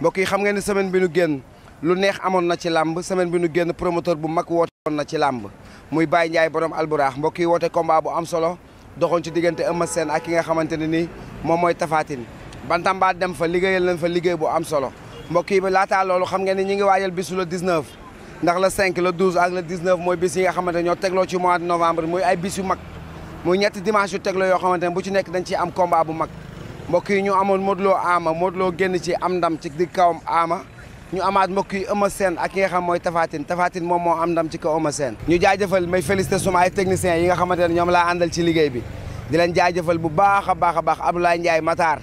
mbokk yi xam ngeen ne semaine bi nu génn lu neex amoon na ci làmb semaine bi nu génn promoteur bu mag woote woon na ci làmb muy Baye Ndiaye borom alburaax mbokk yi woote combat bu am solo doxoon ci diggante Eumeu Sène ak ki nga xamante ne nii moom mooy Tapha Tine bantamba dem fa liggéeyal nañ fa liggéey bu am solo mbokk yi laataa loolu xam ngeen ne ñi ngi waajal bisu le 19 ndax le 5 le 12 ak le 19 mooy bis nga xamante ñoo tegloo ci mois de novembre muy ay bis yu mag muy ñetti dimanche yu tegloo yoo xamante ne bu ci nekk dañ ciy am combat bu mag mbokk yi ñu amoon Modou Lo Ama Modou Lo génn ci am dam ci digg kawam Ama ñu amaat mbokk yi Eumeu Sène ak ki nga xam mooy Tapha Tine Tapha moom moo am dam ci kaw Eumeu Sène ñu jaajëfal may félicité suma ay techniciens yi nga xamante ne ñoom laa andal ci liggéey bi di leen jaajëfal bu baax a baax a baax Abdoulaye Ndiaye Matar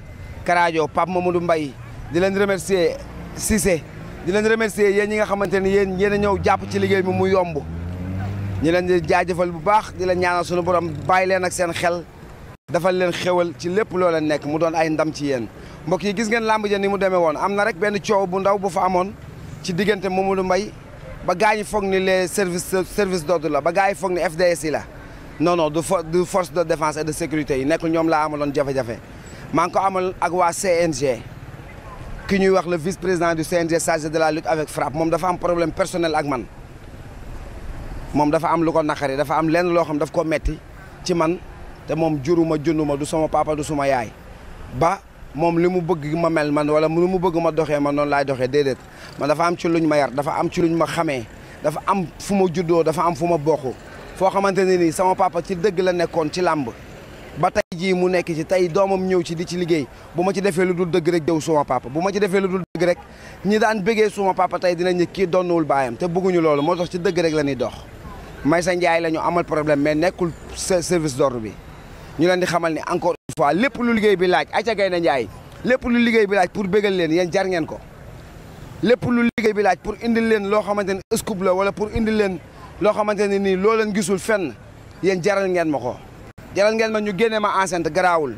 Karajo Pape Mamadou Mbaye di leen remercier Cissé di leen remercier yéen ñi nga xamante ne yéen yéen a ñëw jàpp ci liggéey bi mu yomb ñu leen di jaajëfal bu baax di leen ñaanal suñu borom bàyyi leen ak seen xel dafal leen xewal ci lépp loola nekk mu doon ay ndam ci yéen mbok yi gis ngeen làmb ja ni mu demee woon am na rek benn coow bu ndaw bu fa amoon ci diggante Mamadou mbay ba gaa ñi foog ni les services service d'ordre la ba gaa ñi foog ni FDS yi la non non du du force de défense et de sécurité yi nekkul ñoom laa amaloon jafe-jafe maa ngi ko amal ak waa CNG ki ñuy wax le vice président du CNG chargé de la lutte avec frappe moom dafa am problème personnel ak man moom dafa am lu ko naqari dafa am lenn loo xam daf ko metti ci man te moom juruma junduma du sama papa du suma yaay ba moom li mu bëgg ma mel man wala li mu bëgg ma doxee man noonu laay doxee déedéet man dafa am ci luñ ma yar dafa am ci luñ ma xamee dafa am fu ma juddoo dafa am fu ma bokk foo xamante ne nii sama papa ci dëgg la nekkoon ci làmb ba tey jii mu nekk ci tey doomam ñëw ci di ci liggéey bu ma ci defee lu dul dëgg rek jëw suma papa bu ma ci defee lu dul dëgg ñi daan bëggee suma papa tey dinañ kii donnuwul baayam te bëgguñu loolu moo tax ci dëgg rek la ñuy dox may sa njaay la ñu amal problème mais nekkul service d'ordre bi ñu leen di xamal ni encore une lépp lu liggéey bi laaj Aïcha Gaynde Njaay lépp lu liggéey bi laaj pour bégal leen yéen jar ngeen ko lépp lu liggéey bi laaj pour indil leen loo xamante ne scoop la wala pour indil leen loo xamante ne nii loo leen gisul fen yéen jaral ngeen ma ko jaral ngeen ma ñu génnee ma enceinte garaawul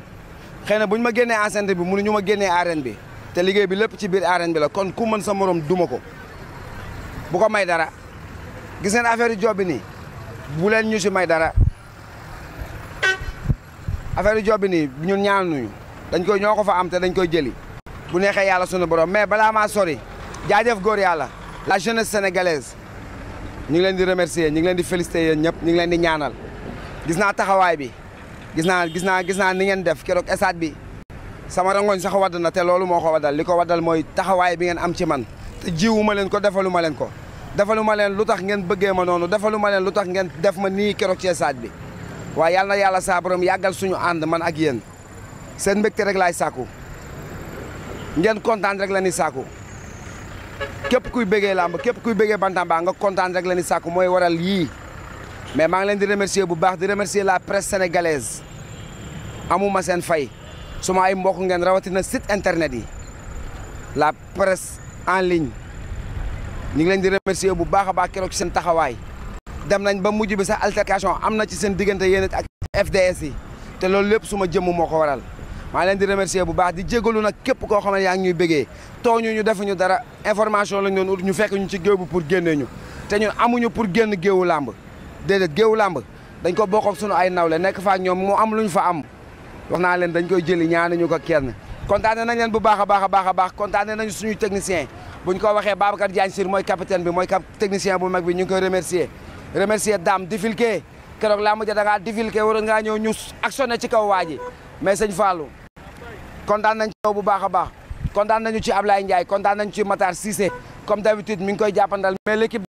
xëy na bu ñu ma génnee enceinte bi mënuñu ma génnee arène bi te liggéey bi lépp ci biir arène bi la kon mën sa morom duma ko bu ko may dara gis ngeen affaire yi job bu leen ñu si may dara affaire job bi nii ñun ñaanuñu dañ koy ñoo ko fa am te dañ koy jëli bu neexee yàlla sunu borom mais balaa maa sori jaajëf góor yàlla la jeunesse sénégalaise ñu ngi leen di remercier ñu ngi leen di féliciter yéen ñëpp ñu ngi leen di ñaanal gis naa taxawaay bi gis naa gis naa gis naa ni ngeen def keroog esaat bi sama rangoñ sax wadd na te loolu moo ko waddal li ko waddal mooy taxawaay bi ngeen am ci man te jiwuma leen ko defaluma leen ko defaluma leen lu tax ngeen bëggee ma noonu defaluma leen lu tax ngeen def ma nii keroog ci esaat bi waaye yàlla na yàlla saa borom yàggal suñu ànd man ak yéen seen mbégte rek laay sàkku ngeen kontaan rek la ni sàkku képp kuy bëggee làmb képp kuy bëggee bantamba nga kontaan rek la ni sàkku mooy waral yii mais maa ngi leen di remercier bu baax di remercier la presse sénégalaise amuma seen fay suma ay mbokk ngeen rawatina sit internet yi la presse en ligne ñu ngi leen di remercier bu baax a baax keroog seen taxawaay dem nañ ba mujj bi sax altercation am na ci seen diggante yéen ak FDS yi te lool lépp suma jëmm moo ko waral maa leen di remercier bu baax di jégalu nag képp koo xam ne yaa ngi ñuy bëggee tooñu ñu defuñu dara information lañ doon ut ñu fekk ñu ci géew bi pour génnee ñu te ñun amuñu pour génn géewu làmb déedéet géewu làmb dañ ko bokk ak sunu ay nawle nekk fa ñoom moo am lu ñu fa am wax naa leen dañ koy jëli ñaanuñu ko kenn kontaane nañ leen bu baax a a baax a baax kontaane nañu suñu technicien ko waxee Babacar Diagne Sir mooy capitaine bi mooy technicien bu mag bi ñu ngi koy remercier remercier Dame difilke keroog laa mujj da ngaa difilke waroon ngaa ñëw ñu actionné ci kaw waa ji mais sëñ kontaan nañ ci kaw bu baax a baax kontaan nañu ci Ablaye Ndiaye kontaan nañu ci Matar Cissé comme d'habitude mi ngi koy jàppandal mais